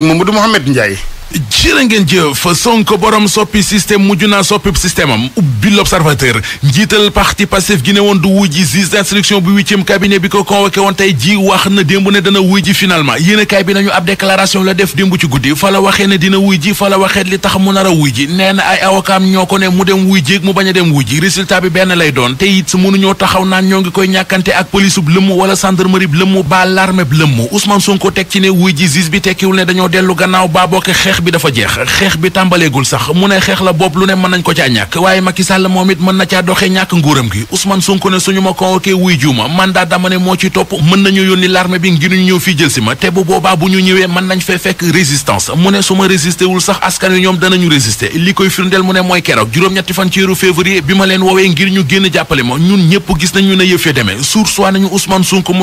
du Mouhamed Ndiaye jërë ngeen jëf Sonko borom soppi système mujj naa soppi système am ubbi l'observateur njiital parti Pastef gi ne woon du wuy ji juge d'instruction bu huitième cabinet bi ko convoqué woon tey ji wax na démb ne dana wuy ji finalement yéen bi nañu ab déclaration la def démb ci guddi fa la waxee ne dina wuy ji fa waxee li tax mu nar a wuy ji nee na ay avocat ñoo ko ne mu dem wuy jéeg mu bañ a dem wuy ji résultat bi benn lay doon te it mënuñoo taxaw naan ñoo ngi koy ñàkkante ak police bu lëmm wala gendarmerie bu lëmm ba l'armée bu lëmm Ousmane Sonko ci ne wuy ji juge bi tekkiwul ne dañoo dellu gannaaw baa bokke xeex xeex bi dafa jeex xeex bi tàmbaleegul sax mu ne xeex la bopp lu ne mën nañ ko caa ñàkk waaye Macky Sall moom it mën na caa doxee ñàkk nguuram gi Ousmane Sonko mu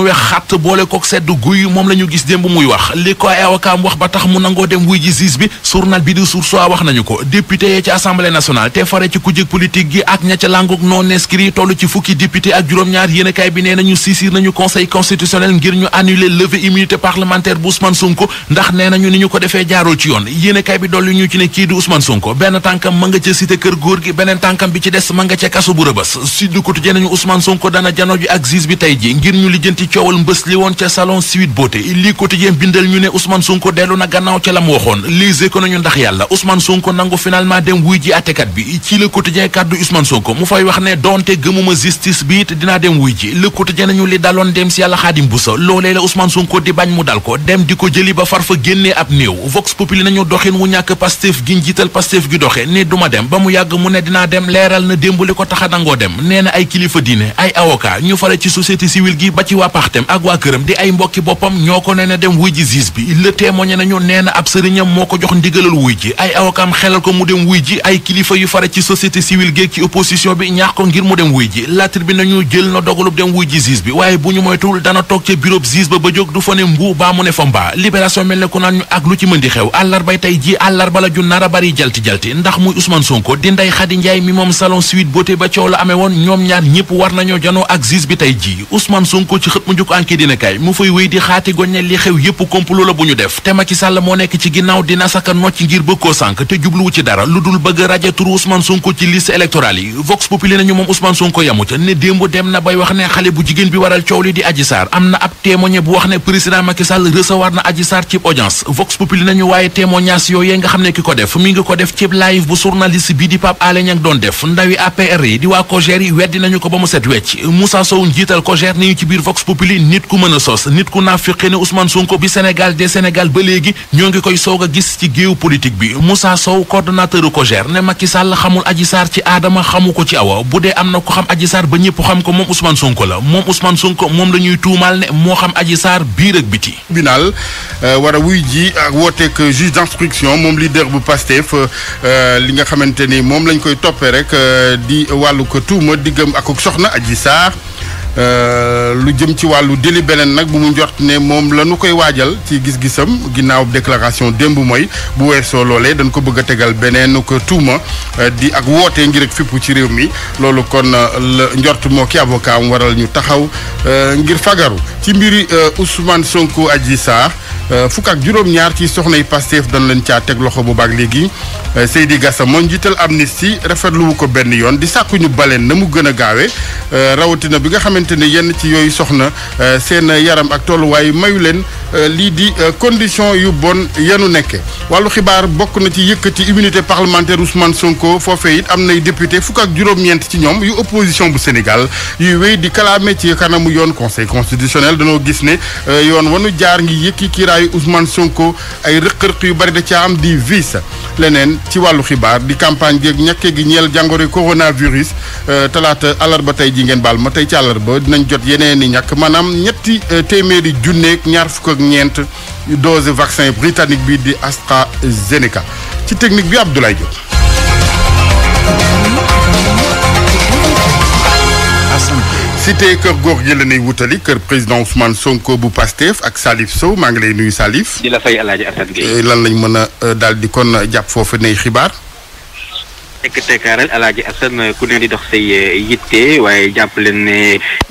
ne su boole kook sedd guy moom la ñu gis démb muy wax li ko ay wax ba tax mu nangoo dem wuy ji bi journal bi di Source A wax nañu ko député yee ci assemblée nationale te fare ci kujje politique gi ak ña ca languk non inscrit toll ci fukki député ak juróom-ñaar yéenekaay bi nee nañu saisir nañu conseil constitutionnel ngir ñu annuler levée immunité parlementaire bu Ousmane Sonko ndax nee nañu ni ñu ko defee jaarul ci yoon yéenekaay bi dolli ñu ci ne kii di Ousmane Sonko benn tànkam ma ca cité kër góor gi beneen tànkam bi ci des ma nga ca kasu bu rëbës Sud Quotidien nañu Ousmane Sonko dana jano les économies ndax yàlla di bañ mu dal ko dem di ko jëli ba far fa génnee ab néew Vox Populi nañu doxin wu ñàkk Pastef gi njiital Pastef gi doxe ne duma dem ba mu yàgg mu ne dinaa dem leeral na démb li ko tax a nangoo dem nee na ay kilifa diine ay avocat ñu fare ci société civile gi ba ci waa ak waa këram di ay mbokki boppam ñoo ko ne ne dem wuy ji justice bi le témoigné nañu nee na ab sëriñam moo ko jox ndigalal wuy ji ay awakaam xelal ko mu dem wuy ji ay kilifa yu fare ci société civile géeg ci opposition bi ñaax ko ngir mu dem wuy ji latir bi nañu jël na dogalub dem wuy ji zis bi waaye bu ñu moytuwul dana toog ca bureau zis ba ba jóg du fa ne mbuu baa mu ne fa mbaa libération mel ne ku naan ak lu ci mën di xew àllarbay tey ji àllarba la ju nar a bari jalti-jalti ndax muy son Sonko di Ndeye Khady Ndiaye mi moom salon Sweet Beauté ba coow la amee woon ñoom ñaar ñëpp war nañoo janoo ak zis tey ji Ousmane Sonko ci xët mu di xaati goñne li xew yëpp complot bu ñu def te Macky nekk ci ginnaaw saka nocc ngir bëgg koo sànk te jubluwu ci dara lu dul bëgg rajo turu Ousmane Sonko bi waral coow li ba léegi ñoo ngi koy soog a gis ci géew politique bi Moussa Sow coordonnateur COJER ne Macky Sall xamul Adji Sarr ci aadama xamu ko ci awa bu dee am na ko xam aji saar ba ñëpp xam ko moom Ousmane Sonko la moom Ousmane Sonko moom la ñuy tuumaal ne moo xam Adji Sarr biir ak biti. tribunal euh, war a wuy ji ak wooteeg juge d'instruction moom lii leader bu Pastef euh, li nga xamante ni moom lañ koy toppee rek euh, di wàllu ko tuuma diggam ak soxna Adji Sarr. Euh, lu jëm ci wàllu délit beneen nag bu mu njort ne moom la ñu koy waajal ci gis-gisam ginnaaw déclaration démb mooy bu weesoo loolee dañ ko bëgg a tegal beneen ko tuuma euh, di ak wootee ngir ak fippu ci réew mi loolu kon euh, la njort moo ki avocat am waral ñu taxaw ngir fagaru ci mbiri Ousmane Sonko aji saa fukk ak juróom-ñaar ci soxnay Pastef dañ leen caa teg loxo bu baag léegi Seydi Gassama njiital Amnesty rafetlu wu ko benn yoon di sàkku ñu baleen na mu gën a gaawe rawatina bi xamante ni yenn ci yooyu soxna euh, seen yaram ak tolluwaay mayu leen euh, lii di euh, condition yu bon yanu nekke wàllu xibaar bokk na ci yëkkati immunité parlementaire Ousmane Sonko foofe it am nay député fukk ak juróom-ñeent ci ñoom yu opposition bu Sénégal yuy wéy di kalaame ci kanamu yoon conseil constitutionnel dañoo gis ne yoon wanu jaar ngi yëkki kiiraayu Ousmane Sonko ay rëq-rëq yu bari da ca am di vice leneen ci wàllu xibaar di campagne geeg ñakke gi ñeel jàngoro coronavirus talaata alarba tey ji ngeen baal ma tey dinañ jot yeneen i ñàkk maanaam ñetti euh, téeméeri junneeg ñaar fukk ak ñeent dose vaccin britannique bi di AstraZeneca ci technique bi Abdoulaye Diop. cité kër góor gi la ñuy wutali kër président Ousmane Sonko bu Pastef ak Salif Sow maa ngi lay nuyu Salif. di la fay eh, lan lañ mën a euh, daal di kon jàpp foofa ne xibaar. tekk tekkaaral alaaji Assane ku ne di dox say eh, yitte waaye jàpp leen ne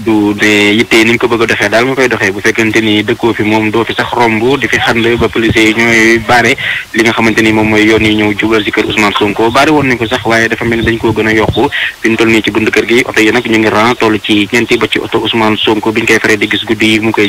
du ne yitte ni ko bëgg a daal nga koy doxee bu fekkente ni dëkkoo fi moom doo fi sax romb di fi xand ba police yi ñooy baare li nga xamante ni moom mooy yoon yi ñëw jubal si kër Ousmane Sonko baare woon nañ ko sax waaye dafa mel ni dañ gën a yokku fi ñu toll nii ci bunt kër gi oto yi nag ñu ngi ran toll ci ñeenti ba ci oto Ousmane Sonko bi ñu koy faree di gis guddi yi mu koy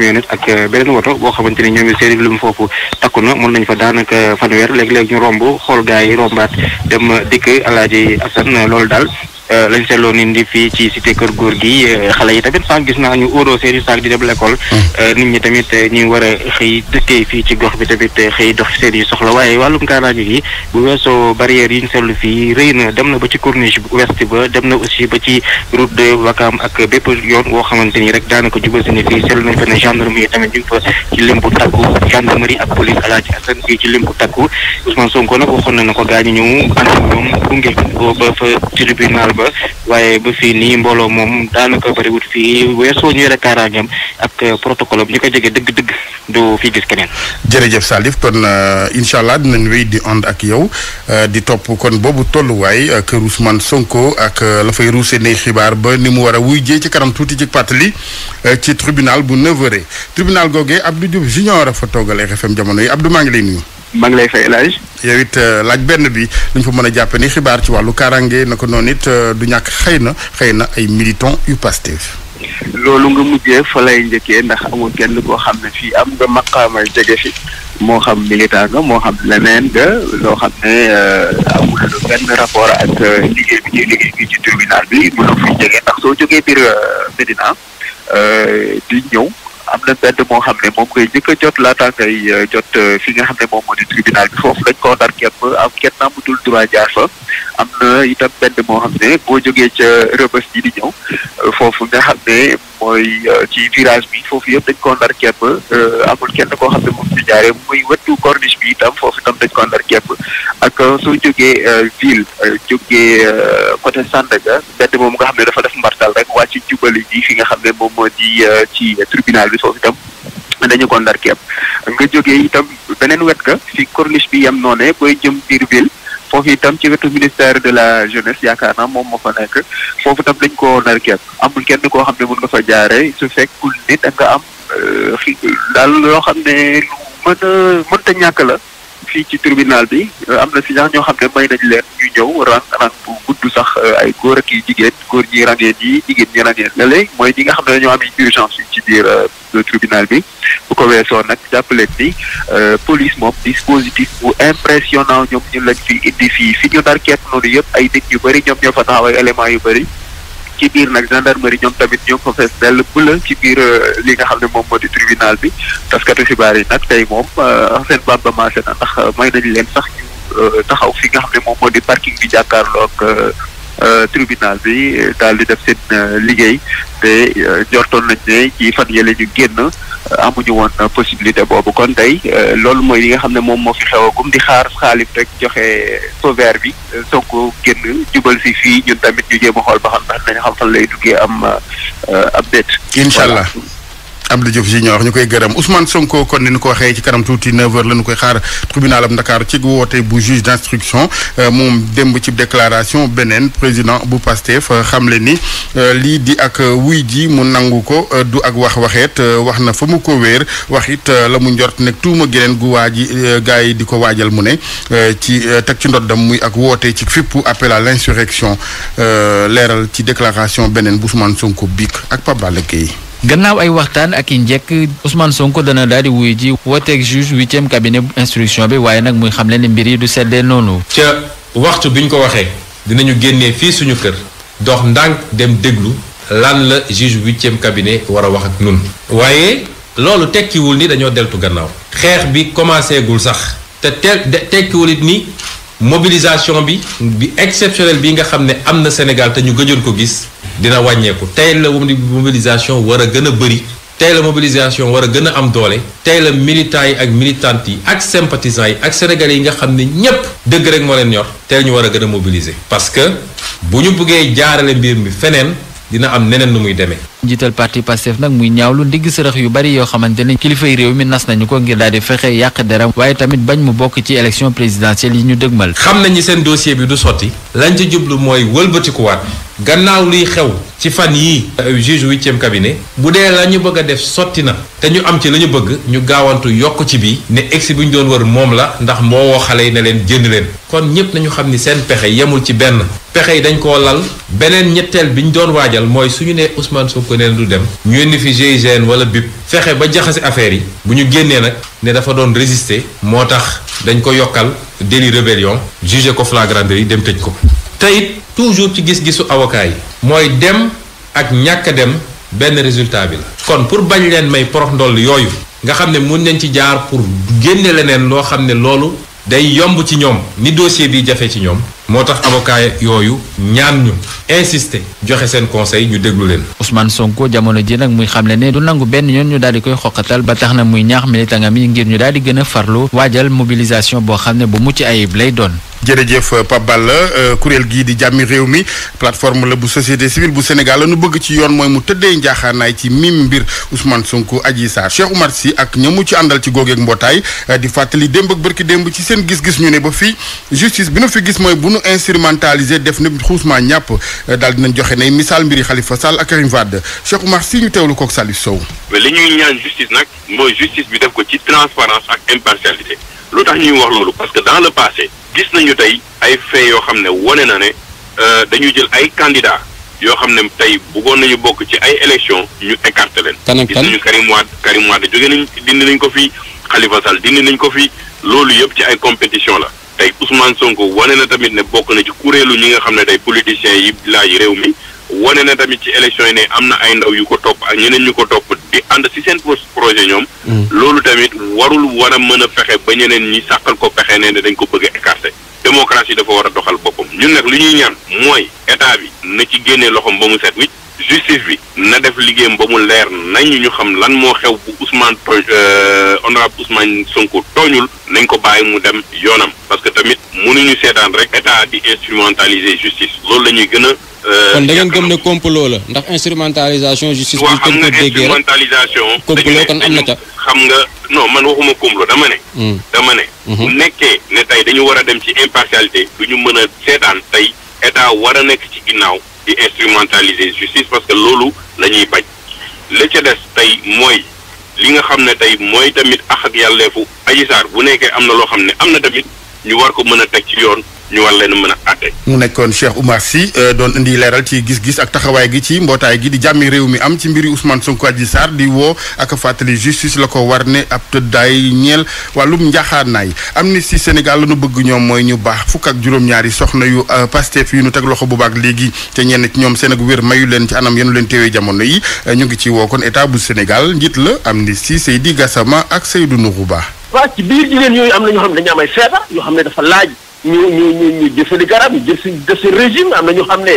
camionnette ak euh, beneen woto boo xamante ni ñoom seen lim foofu takku na mën nañ fa daanaka fanweer léegi-léegi ñu romb xool gaa yi rombaat dem dikk alaaji Asan loolu daal Euh, lañ seetloo ni fii ci cité kër góor gi euh, xale yi tamit sax gis naa ñu óodoo seen i saak di dem l'école hmm. euh, nit ñi tamit ñu war a xëy dëkkee fii ci gox bi tamit xëy dox seen i soxla waaye wàllum kaaraange gi bu weesoo barrière yi ñu seetlu fii rëy na dem na ba ci corniche ouest ba dem na aussi ba ci route de Wakam ak bépp yoon woo xamante ni rek daanaka jubal si ni fii seetlu nañ fa ne gendarmerie tamit ñu ngi fa ci lim bu takku gendarmerie ak police alaaji asan fii ci lim bu takku Ousmane Sonko nag waxoon na waaye ba fii nii mbooloo moom daanaka bëriwut fii weesoo ñu yore kaaraangeem ak protocole am ñu ko jege dëgg-dëgg du fi gis keneen. jërëjëf Salif kon euh, incha allah dinañ wéy di ànd ak yow euh, di topp kon boobu tolluwaay euh, kër man Sonko ak la fay ruuse ne xibaar ba ni mu war wuy jee ci kanam tuuti ci pàttali ci tribunal bu 9h tribunal googee Abdou Diouf junior a fa toogal RFM jamono yi ab Abdou maa ngi lay nuyu. maa ngi lay fay laaj. yow it euh, laaj benn bi dañ ko mën a jàpp ni xibaar ci wàllu kaaraange naka noonu it euh, du ñàkk xëy na xëy na ay militant yu Pastef. loolu nga mujjee fa lay njëkkee ndax amul kenn koo xam ne fii am nga maqaama jege fi moo xam militant nga moo xam leneen nga loo xam ne euh, amul benn rapport ak liggéey bi ñuy liggéey fii ci tribunal bi mënoo fi jege ndax soo jógee biir Medina di ñëw. am na mbedd moo xam ne moom koy njëkk a jot laata ngay euh, jot euh, fi nga xam ne moom moo di tribunal bi foofu dañ koo ndar képp am kenn amatul droit jaar fa am na itam mbedd moo xam ne boo jógee ca rëbës ji di ñëw euh, foofu nga xam ne mooy euh, ci virage bi foofu yëpp dañ ko ndar képp euh, amul kenn koo xam ne moom si jaaree muy wetu corniche bi itam foofu itam dañ ko ndar képp ak euh, soo jógee ville jógee côté Sandaga mbedd moom nga xam ne dafa def mbartal rek waa ci jubali bi fi nga xam ne moom moo di ci tribunal bi foofu itam dañu ko ndar képp nga jógee itam beneen wet ga fi corniche bi yam noonee booy jëm biir ville. foofu itam ci wetu ministère de la jeunesse yaakaar na moom moo fa nekk foofu itam dañ koo nar kepp amul kenn koo xam ne mën nga fa jaaree su ku ni da nga am euh, daal loo xam ne lu mën a ñàkk la fii ci tribunal bi am na fi ñax ñoo xam ne may nañ leen ñu ñëw rang rang du sax euh, ay góor ak i jigéen góor ñi ràññee nii jigéen ñi ràññee la léegi mooy ñi nga xam ne dañoo am urgence yi ci biir euh, tribunal bi bu ko weesoo nag jàppaleen ni euh, police moom dispositif bu impressionnant ñoom ñu lañ fi indi fii fi ñu dar kepp noonu yëpp ay nit yu bëri ñoom ñoo fa taxaw ay éléments yu bëri ci biir nag gendarmerie ñoom tamit ñoo ko fees dell bu la ci biir li nga xam ne moom moo di tribunal bi taskatu xibaar yi nag tey moom seen bambamaase na ndax may nañu leen sax Euh, taxaw fi nga xam ne moom moo di parking bi jàkkaarlook euh, euh, tribinal bi daal di def seen liggéey te jortoon nañ ne ci fan yële ñu génn amuñu woon possibilité boobu kon tey loolu mooy li nga xam ne moom moo fi xewagum di xaar xaalis rek joxe sauveur bi soog ko génn jubal si fii ñun tamit ñu jéem a xool ba xam ndax nañu xam fan lay duggee am ab déet. incha Abdou Diouf Junior ñu koy gërëm Ousmane Sonko kon ni nu ko waxee ci kanam tuuti 9h la ñu koy xaar tribunal am Dakar ci woote bu juge d'instruction euh, moom démb ci déclaration beneen président bu Pastef euh, xamle ni euh, lii di ak wuy ji mu nangu ko du ak wax waxeet wax na fa mu ko wéer wax it la mu njort nekk tuuma geneen gu waa ji gars yi di ko waajal mu ne ci teg ci ndoddam muy ak woote ci fippu appel à l'insurrection leeral ci déclaration beneen bu Ousmane Sonko biik ak Pape Balla gannaaw ay waxtaan ak i njekk usmaan Sonko dana daal di wuy ji wooteeg juge huitième cabinet instruction bi waaye nag muy xam ne ne mbir yi du seddee noonu. ca waxtu bi ñu ko waxee dinañu génnee fii suñu kër dox ndànk dem déglu lan la juge huitième cabinet war a wax ak nun waaye loolu tekkiwul ni dañoo deltu gannaaw. xeex bi commencé gul sax te te tekkiwul it ni mobilisation bi bi exceptionnelle bi nga xam ne am na Sénégal te ñu gëjoon ko gis dina wàññeeku tey la mobilisation war a gën a bëri tey la mobilisation war a gën a am doole tey la militants yi ak militantes yi ak sympathisants yi ak sénégalais yi nga xam ne ñépp dëgg rek moo leen ñor tey ñu war a gën a mobiliser parce que bu ñu buggee jaarale mbir mi feneen dina am neneen lu muy demee. jiital parti Pastef nag muy ñaawlu ndigg sërëx yu bari yoo xamante ne kilifay réew mi nas nañu ko ngir daal di fexe yàq deram waaye tamit bañ mu bokk ci élection présidentielle yi ñu dëgmal. xam nañu ni seen dossier bi du sotti. lañ ca jublu mooy wëlbatikuwaat gannaaw luy xew ci fan yii. Euh, juge huitième cabinet. bu dee la ñu bëgg a def sotti na. te ñu am ci la ñu bëgg ñu gaawantu yokk ci bii ne ex bu ñu doon wër moom la ndax moo woo xale yi leen jënd leen. kon ñëpp nañu xam ni seen pexe yemul ci benn pexe yi dañ ko lal beneen ñetteel bi ñu doon waajal mooy suñu nee Ousmane Sonko neen du dem ñu indi fi GIGN wala BIP fexe ba jaxase affaire yi bu ñu génnee nag ne dafa doon résister moo tax dañ ko yokkal délit rébellion jugé ko flagrant yi dem tëj ko te toujours ci gis-gisu avocat mooy dem ak ñàkk a dem benn résultat bi la kon pour bañ leen may porox ndoll yooyu nga xam ne mun nañ ci jaar pour génne leneen loo xam ne loolu day yomb ci ñoom ni dossier bi jafe ci ñoom moo tax avocat yooyu ñaan ñu insister joxe seen conseil ñu déglu leen. Ousmane Sonko jamono ji nag muy xam ne ne du nangu benn yoon ñu daal di koy xoqatal ba tax na muy ñaax mi militangam yi ngir ñu daal di gën a farlu waajal mobilisation boo xam ne bu mucc ayib lay doon. jërëjëf euh, Pape Balla euh, kuréel gii di jàmmi réew mi plateforme la bu société civile bu Sénégal la nu bëgg ci yoon mooy mu tëddee njaaxaanaay ci mim mbir Ousmane Sonko Adji Sarr Cheikh Oumar Sy ak ñamu ci àndal ci googeeg mbootaay euh, di fàttali démb ak bërki démb ci seen gis-gis ñu ne ba fii justice bi nu fi gis mooy bu nu instrumentalisé def na xuusmaa ñàpp daal dinañ joxe nay misaal mbiri xalifa Sall ak Karim Wade Cheikh Oumar Sy ñu teew kook Salif Sow li ñuy ko ci transparence ak impartialité lu tax ñuy wax loolu parce le passé gis nañu tey ay fait yoo xam ne wane na ne euh, dañu jël ay candidats yoo xam ne tey bëggoon nañu bokk ci ay élections ñu écarté leen. kan gis nañu Karim Wade Karim Wade jóge nañ dindi nañ ko fii Khalifa Sall dindi nañ ko fii loolu yëpp ci ay compétition la. tey Ousmane Sonko wane na tamit ne bokk na ci kuréelu ñi nga xam ne tey politiciens yi laaj réew mi. wane na tamit ci élection yi ne am na ay ndaw yu ko topp ak ñeneen ñu ko topp di ànd si seen projet ñoom. Mm. loolu tamit warul war a mën a fexe ba ñeneen ñi sàqal ko pexe ne ne dañ ko bëgg a écarter démocratie dafa war a doxal boppam ñun nag li ñuy ñan mooy état bi na ci génnee loxoom ba mu set wicc justice bi na def liggéeyam ba mu leer nañ ñu xam lan moo xew bu Ousmane tooñ euh, honorable Ousmane Sonko tooñul nañ ko bàyyi mu dem yoonam parce que tamit mënuñu seetaan rek état di instrumentaliser justice loolu la ñuy gën a. Euh, kon da gëm ne complot la ndax instrumentalisation justice. bi kenn ko déggee rek complot kon na ca. xam nga non man waxuma complot dama ne. Hmm. dama ne. Hmm. bu nekkee ne tey dañu war a dem ci impartialité du ñu mën a seetaan tey état war a nekk ci ginnaaw. di instrumentaliser justice parce que loolu la ñuy bañ la ca des tey mooy li nga xam ne tey mooy tamit ax ak yàlleefu Adji Sarr bu nekkee am na loo xam ne am na tamit ñu war ko mën a teg ci yoon ñu war leen mën a àtte. mu nekkoon Cheikh Oumar Sy euh, doon indi leeral ci gis-gis ak taxawaay gi ci mbootaay gi di jàmmi réew mi am ci mbiri Ousmane Sonko Adji Sarr di woo ak fàttali justice la ko war ne ab tëddaay ñeel wàllum njaaxaanaay Amnesty Sénégal la nu bëgg ñoom mooy ñu baax fukk ak juróom-ñaari soxna yu euh, Pastef yu nu teg loxo bu baax léegi te ñenn ci ñoom seen ak wér mayu leen ci anam yenu leen teewee jamono yi euh, ñu ngi ci woo kon état bu Sénégal njiit la Amnesty Seydi Gassama ak Seydou Nourou Ba. waa ci biir jigéen yooyu am na ñoo xam ne dañu am ay yoo xam ne dafa laaj ñu ñu ñu ñu jël seen i garab ñu jël seen def seen régime am na ñu xam ne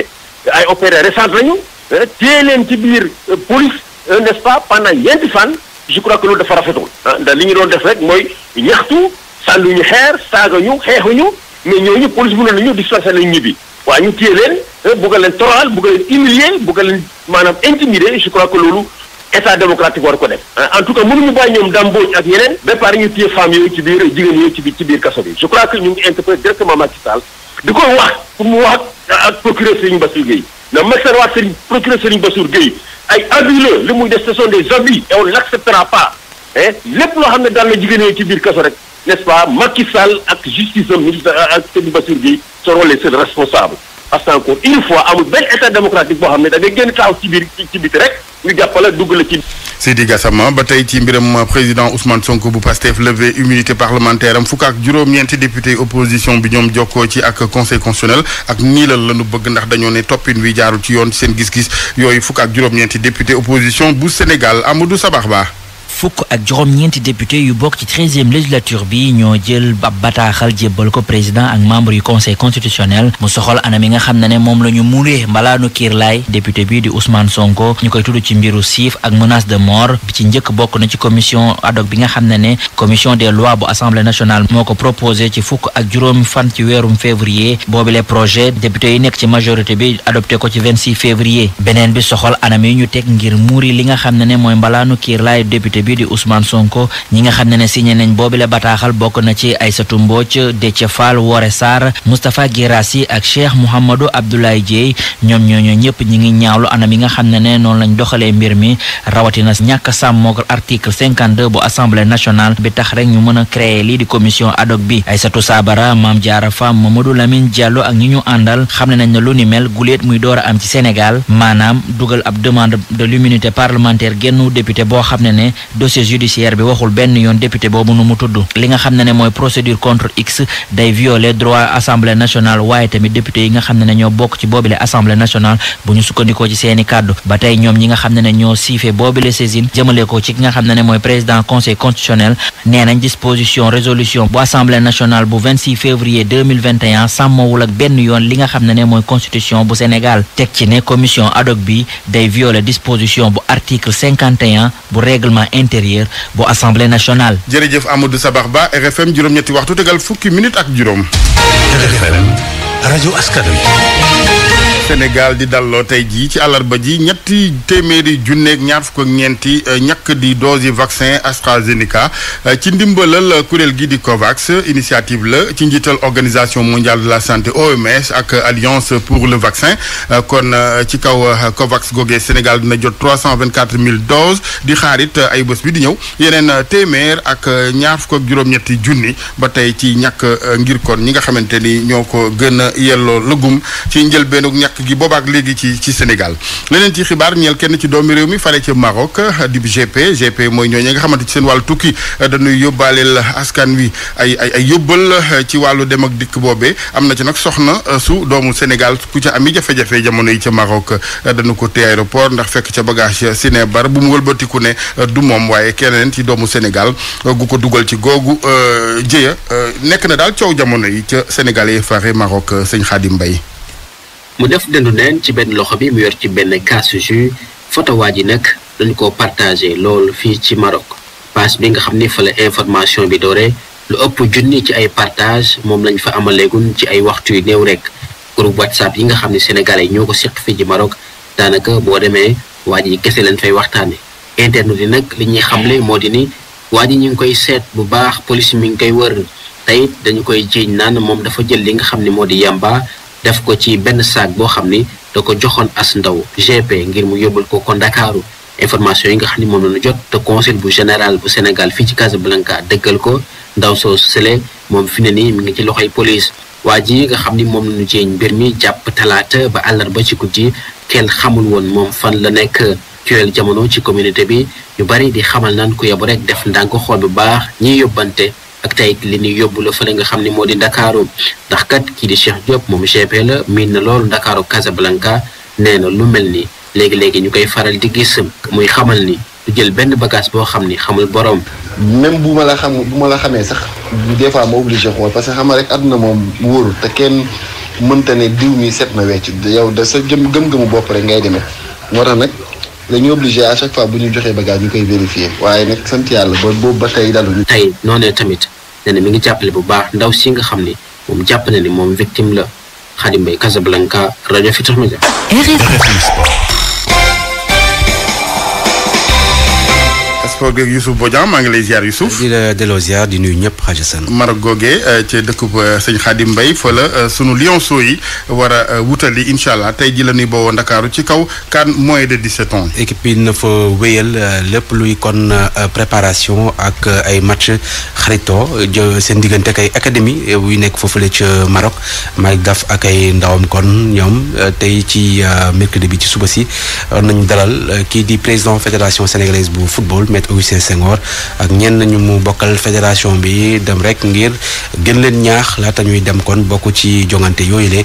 ay opéré récent lañu eh, téye leen ci biir euh, police euh, n'est-ce pas pendant ñeenti fan je crois que loolu dafa rafetul ah ndax li ñu doon def rek mooy ñaxtu sànni ñu xeer saaga ñu xeexuñu mais ñooñu police mënoon nañu dispersé nañ ñibbi waaye ñu téye leen eh, bugg leen toroxal bugg leen humilier bugg leen maanaam intimider je crois que loolu état démocratique war ko def euh, en tout cas mënuñu bàyyi ñoom dàmbooj ak yeneen ba pare ñu téye femmes yooyu ci biir jigéen yooyu ci biir kaso bi je crois que ñu ngi interpellé directement Macky di ko wax mu wax ak procureur Serigne Bassirou Gueye na Macky wax Serigne procureur Serigne Bassirou Gueye ay abus li muy def ce sont des abus l'acceptera pas eh lépp loo xam ne daal la jigéen yooyu ci biir kaso rek n'est-ce pas Macky Sall ak justice am ministre euh, ak Serigne parce qu'encore une fois amul benn état démocratique boo xam ne da nga génn taxaw ci biir ci biti rek ñu jàppale dugg la ci. Seydi Gassama ba tey ci mbiram président Ousmane Sonko bu PASTEF levé immunité parlementaire am fukk ak juróom-ñeenti député opposition bi ñoom jokkoo ci ak conseil constitutionnel ak niilal la ñu bëgg ndax dañoo ne toppin wi jaarul ci yoon seen gis-gis yooyu fukk ak juróom-ñeenti député opposition bu Sénégal Amadou Sabax Ba. fukk ak juróom-ñeenti député yu bokk ci treizième législature bi ñoo jël bataaxal jébbal ko président ak membre yu conseil constitutionnel mu soxal anam yi nga xam ne ne moom la ñu muuree mbalaanu kiirlaay député bi di Ousmane Sonko ñu koy tudd ci mbiru siif ak menace de mort ci njëkk bokk na ci commission ad bi nga xam ne ne commission des lois bu assemblée nationale moo ko proposé ci fukk ak juróom fan ci weerum février boobu les député yi bi di Ousmane Sonko ñi nga xam ne ne signé nañ boobi la bataaxal bokk na ci Aïssatou Mbodj Déthié Fall Woré Sarr Moustapha Guirassy ak Cheikh Mouhamadou Abdoulaye Dièye ñoom ñooñu ñëpp ñi ngi ñaawlu anam yi nga xam ne ne noonu lañ doxalee mbir mi rawatina ñàkk sàmmoog article 52 bu assemblée nationale bi tax rek ñu mën a créer lii di commission ad hoc bi Aïssatou Sabara Mame Diarra Fam Mamadou Lamine Diallo ak ñu ñu àndal xam na nañ lu ni mel guléet muy door a am ci Sénégal maanaam dugal ab dossier judiciaire bi waxul benn yoon député boobu nu mu tudd li nga xam ne ne mooy procédure contre x day violer droit assemblée nationale waaye tamit député yi nga xam ne ne ñoo bokk ci boobile assemblée nationale bu ñu sukkandikoo ci seeni kàddu ba tey ñoom ñi nga xam ne ne ñoo siife boobile saisine jëmale ko ci nga xam ne ne mooy président conseil constitutionnel nee disposition résolution bu assemblée nationale bu février sàmmawul ak benn yoon intérieur bu assemblée nationale. jërëjëf Amadou Sabax Ba RFM juróom-ñetti waxtu tegal fukki minutes ak juróom. rajo askan Sénégal di dalloo tey jii ci àllarba ji ñetti téeméeri junneeg ñaar fukk ñeenti euh, ñàkk di dose yi vaccin AstraZeneca euh, ci ndimbalal euh, kuréel gi di COVAX initiative la ci njiital organisation mondiale de la santé OMS ak alliance pour le vaccin kon ci kaw COVAX googee Sénégal dina jot trois cent vingt quatre mille doses di xaarit ay bés bi di ñëw yeneen téeméer ak ñaar fukk ak juróom-ñetti junni ba tey ci ñàkk ngir kon ñi nga xamante ni ñoo ko gën a yelloo lëgum ci njëlbeenug ñàkk ñàkk gi boobaak léegi ci ci Sénégal leneen ci xibaar ñeel kenn ci doomi réew mi fare ca Maroc di GP GP mooy ñooñu nga xamante ci seen wàllu tukki dañuy la askan wi ay ay ay yóbbal ci wàllu dem ak dikk boobee am na ci nag soxna euh, su doomu Sénégal ku ca ami jafe-jafe jamono yi ca Maroc euh, dañu ko téye aéroport ndax fekk ca bagage Sinébar bu mu wëlbatiku ne euh, du moom waaye keneen ci doomu Sénégal gu ko dugal ci googu jëya nekk na daal coow jamono yi ca Sénégal yi fare Maroc sëñ Xaadim Mbay mu def dendu neen ci benn loxo bi mu yor ci benn kaasu jus photo waa ji nag dañu ko partagé loolu fii ci Maroc page bi nga xam ni fa la information bi dooree lu ëpp junni ci ay partage moom lañ fa amaleegun ci ay waxtu yu néew rek groupe whatsapp yi nga xam ne sénégalais ñoo ko seq fii ci Maroc daanaka boo demee waa ji kese lañ fay waxtaane internet yi nag li ñuy xamle moo di ni waa ji ñu ngi koy seet bu baax police mi ngi koy wër teyit dañu koy jiiñ naan moom dafa jël li nga xam ne moo di yamba def ko ci benn saak boo xam ni da ko joxoon as ndaw GP ngir mu yóbbal ko ko Ndakaaru information yi nga xam ni moom la ñu jot te conseil bu général bu Sénégal fii ci Casablanca dëggal ko ndaw soo sële moom fi ne nii mi ngi ci loxoy police waa ji nga xam ni moom la ñu jéeñ mbir mi jàpp talaata ba àllarba ci guddi kenn xamul woon moom fan la nekk cureel jamono ci communauté bi ñu bari di xamal naan ku yebu rek def ndànk xool bu baax ñiy yóbbante ak tey li ñuy yóbbu la fële nga xam ni moo di Ndakaaru ndax kat kii di Cheikh Diop moom GP la miin na loolu Ndakaaru Casablanca nee na lu mel ni léegi-léegi ñu koy faral di gis muy xamal ni du jël benn bagage boo xam ni xamul borom. même bu ma la xam bu ma la xamee sax des fois ma obligé xool parce que xam rek àdduna moom wóorul te kenn mënta ne diw mi set na wecc yow da sa jëm gëm-gëmu bopp rek ngay demee moo tax nag. dañuy obligé à chaque fois bu ñu joxee bagage ñu koy vérifier waaye nag sant yàlla ba boobu ba tey daluñu. tey noonee tamit nee na mi ngi jàppale bu baax ndaw si nga xam ni moom jàpp na ni moom victime la Khady Mbaye Casablanca rajo Futurs Médias. googee Youssouf Bodian maa ngi lay ziar Youssouf. di la delloo ziar di nuyu ñëpp xaaja seen. Maroc Mbay fa la euh, sunu lionceaux yi war a euh, wutali incha allah tey ji la ñuy Ndakaaru ci kaw kan moyen de 17 ans. équipe bi na fa wéyal euh, lépp luy kon préparation ak ay match xarito seen diggante ak ay académie yu nekk foofule ca Maroc Malick Daf ak ay ndawam kon ñoom tey ci mercredi bi ci suba si nañ dalal kii di président fédération sénégalaise bu football Augustin Senghor ak ñenn ñu mu bokkal fédération bi dem rek ngir gën leen ñaax laata ñuy dem kon bokk ci jongante yooyu le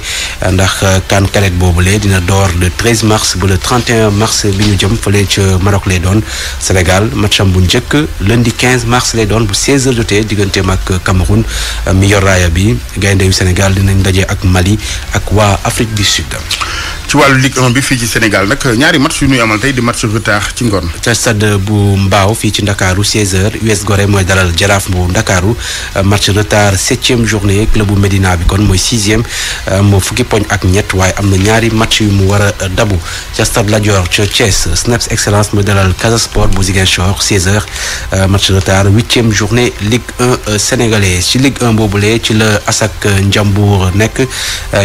ndax kan boobu le dina door le 13 mars ba le 31 mars bi ñu jëm fële ca Maroc lay doon Sénégal matcham bu njëkk lundi 15 mars lay doon bu 16h jotee digganteem ak Cameroun mi yor raaya bi gaynde yu Sénégal dinañ daje ak Mali ak waa Afrique du Sud. ci wàllu Ligue 1 bi fii ci Sénégal nag ñaari match yu nuy amal tey di match retard ci ngoon. ca stade bu Mbao fii ci Ndakaaru 16h US Gorée mooy dalal Jaraaf bu Ndakaaru euh, match retard septième journée club bu Medina bi kon mooy sixième euh, moo fukki poñ ak ñett waaye am na ñaari match yu mu war a dabu ca stade Lat Dior ca Thiès Snaps Excellence mooy dalal Casa Sport bu Ziguinchor 16h euh, match retard huitième journée Ligue 1 sénégalaise ci Ligue 1 boobule ci la Asak Ndiambour nekk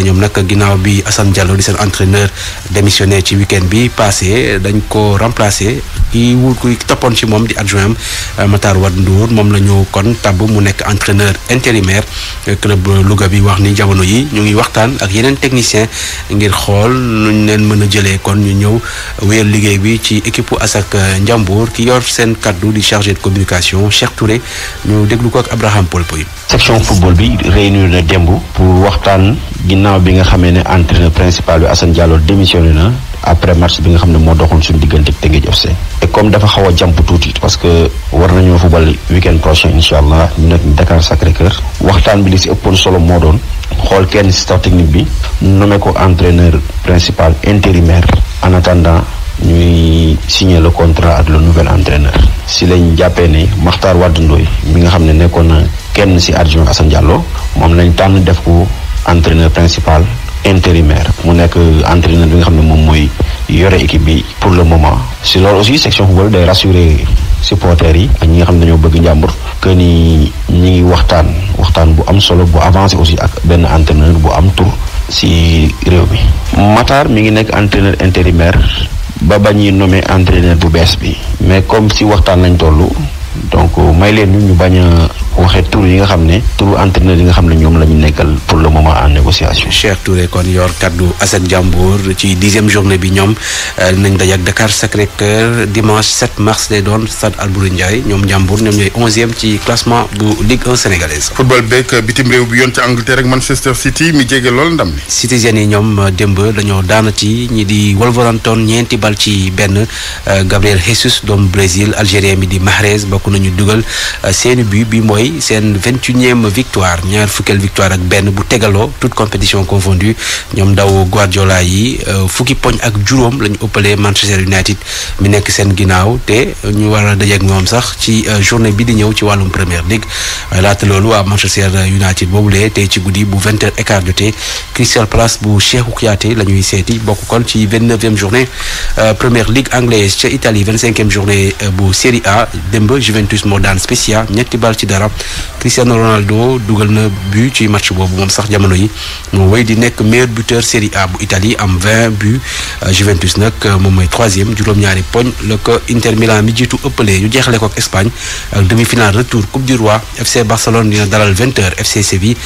ñoom nag ginnaaw bi Assane Diallo di seen gouverneur démissionné ci week-end bi passé dañ ko remplacé ki wut kuy toppoon ci moom di adjoint am euh, Matar Wade Ndour moom la ñu kon tabb mu nekk entraîneur intérimaire euh, club euh, luga bi wax ni jamono yi ñu ngi waxtaan ak yeneen technicien ngir xool nuñ leen mën a jëlee kon ñu ñëw wéyal liggéey bi ci équipe Assac Ndiambour ki yor seen kaddu di chargé de communication Cheikh Touré ñu déglu ko ak Abraham Polpoy section football bi réunir na demb pour waxtaan ginnaaw bi nga xamee ne entraîneur principal bi Assane Diallo démissionné na après match bi nga xam ne moo doxoon suñu diggante ak Teungueth FC te comme dafa xaw a jàmp tuuti parce que war nañoo football weekend prochain incha allah ñu nekk Dakar Sacré Cœur waxtaan bi li si ëppoon solo moo doon xool kenn si staff technique bi nommé ko entraîneur principal intérimaire en attendant ñuy signer le contrat ak le nouvel entraîneur si lañ jàppee ne Makhtar Wade Ndoye mi nga xam ne nekkoon na kenn si adjoint Assane Diallo moom lañ tànn def ko entraîneur principal intérimaire mu nekk entraîneur bi nga xam ne moom mooy yore équipe bi pour le moment si loolu aussi section football day rassurer supporters yi ak ñi nga xam ne dañoo bëgg njàmbur que nii ñi ngi waxtaan waxtaan bu am solo bu avancé aussi ak benn entraîneur bu am tour si réew mi. Matar mi ngi nekk entraîneur intérimaire ba bañ bañuy nommé entraîneur bu bees bi mais comme si waxtaan lañ toll donc may leen ñu ñu bañ waxee tur yi nga xam ne turu entraîneur yi nga xam ne ñoom la ñu nekkal pour le moment en négociation. Cheikh Touré kon yor kaddu Assane Diambour ci dixième journée bi ñoom euh, nañ daje ak Dakar Sacré Cœur dimanche 7 mars lay doon stade Albouri ñoom Diambour ñoom ñooy onzième ci classement bu Ligue 1 sénégalaise. football beeg bitim réew yoon ci Angleterre ak Manchester City mi jege lool ndam. Citizens ñoom euh, démb dañoo daanati ñi di Wolverhampton ñeenti bal ci benn euh, Gabriel Jesus doomu Brésil algérien bi di Mahrez bokk nañu dugal seeni but bi mooy. mooy seen vingt unième victoire ñaar fukkeel victoire ak benn bu tegaloo toute compétition confondue ñoom daw Guardiola yi euh, fukki poñ ak juróom lañu ñu ëppalee Manchester United mi nekk seen ginnaaw te ñu war a dajeeg moom sax ci euh, journée bi di ñëw ci wàllum première ligue euh, laata loolu waa Manchester United boobule tey ci guddi bu vingt heures écart jotee Crystal Palace bu Cheikhou Kouyaté la ñuy seeti bokk kon ci vingt neuvième journée première ligue anglaise ca Italie vingt cinquième journée bu Série A démb Juventus moo daan Spezia Cristiano Ronaldo dugal na bu ci match boobu moom sax jamono yi moo wéy di nekk meilleur buteur Série A bu Italie am 20 but euh, Juventus nag euh, moom mooy troisième juróom-ñaari poñ la ko Inter Milan mi jiitu ëppale ñu jeexale ko ak Espagne ak euh, demi-finale retour Coupe du Roi FC Barcelone dina dalal 20h FC Séville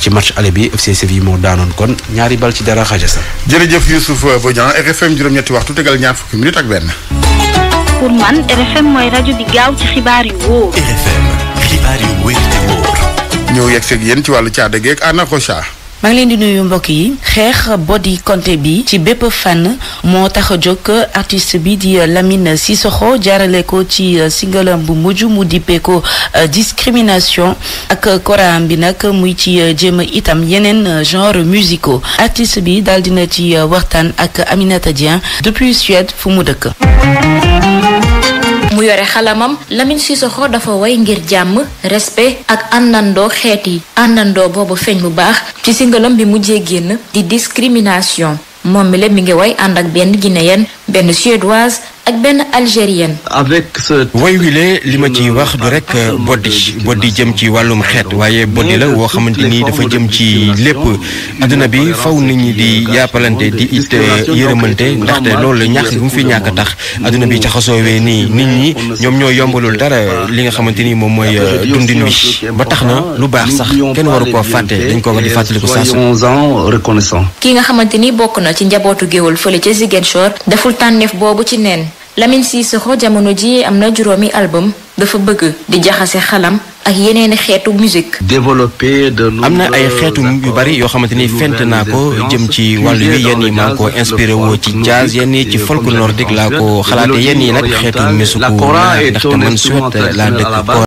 ci match aller bi FC Séville moo daanoon kon ñaari bal ci dara xaja sax. jërëjëf Youssouf Bodian RFM juróom-ñetti waxtu tegal ñaar fukki minutes ak benn. pour man RFM xibaar yu wér ci wàllu caada geeg Anna maa ngi leen di nuyu mbokk yi xeex body compté bi ci bépp fànn moo tax a jóg artiste bi di Lamine Sissoko jaarale ko ci singalam bu mujj mu dippee ko euh, discrimination ak koraam bi nag muy ci euh, jéem a itam yeneen euh, genre musicaux artiste bi daal dina ci waxtaan ak Aminata dien depuis Suède fu mu dëkk. mu yore xalamam Lamine Cissokho dafa woy ngir jàmm respect ak àndandoo xeet yi àndandoo boobu feeñ bu baax ci singalam bi mujjee génn di discrimination moom mi la mi ngi woy ànd ak benn guinéen benn suédoise ak benn algérienne. avec woy wile li ma ciy wax du rek euh, boddi boddi jëm ci wàllum xeet waaye boddi la woo xamante ni dafa jëm ci lépp adduna bi faw nit ñi di yaapalante di it yërëmante ndaxte loolu ñàkk bu mu fi ñàkk tax adduna bi jaxasoowee nii nit ñi ñoom ñoo yombalul dara li nga xamante ni moom mooy euh, dundin wi ba tax na lu baax sax kenn waru koo fàtte dañ ko war di fàttaliku saa su. ki nga xamante ni bokk na ci njabootu géwël fële ca Ziguinchor deful tànneef boobu ci neen. Lamine Cissokho jamono ji am na juróomi album dafa bëgg di jaxasee xalam ak yeneen xeetu musique am na ay xeetu yu bari yoo xamante ni fent naa ko jëm ci wàllu wi yenn yi maa ko inspiré woo ci jazz yenn yi ci folk nordique laa ko xalaate yenn yi nag xeetu musique ndaxte man Suède laa dëkk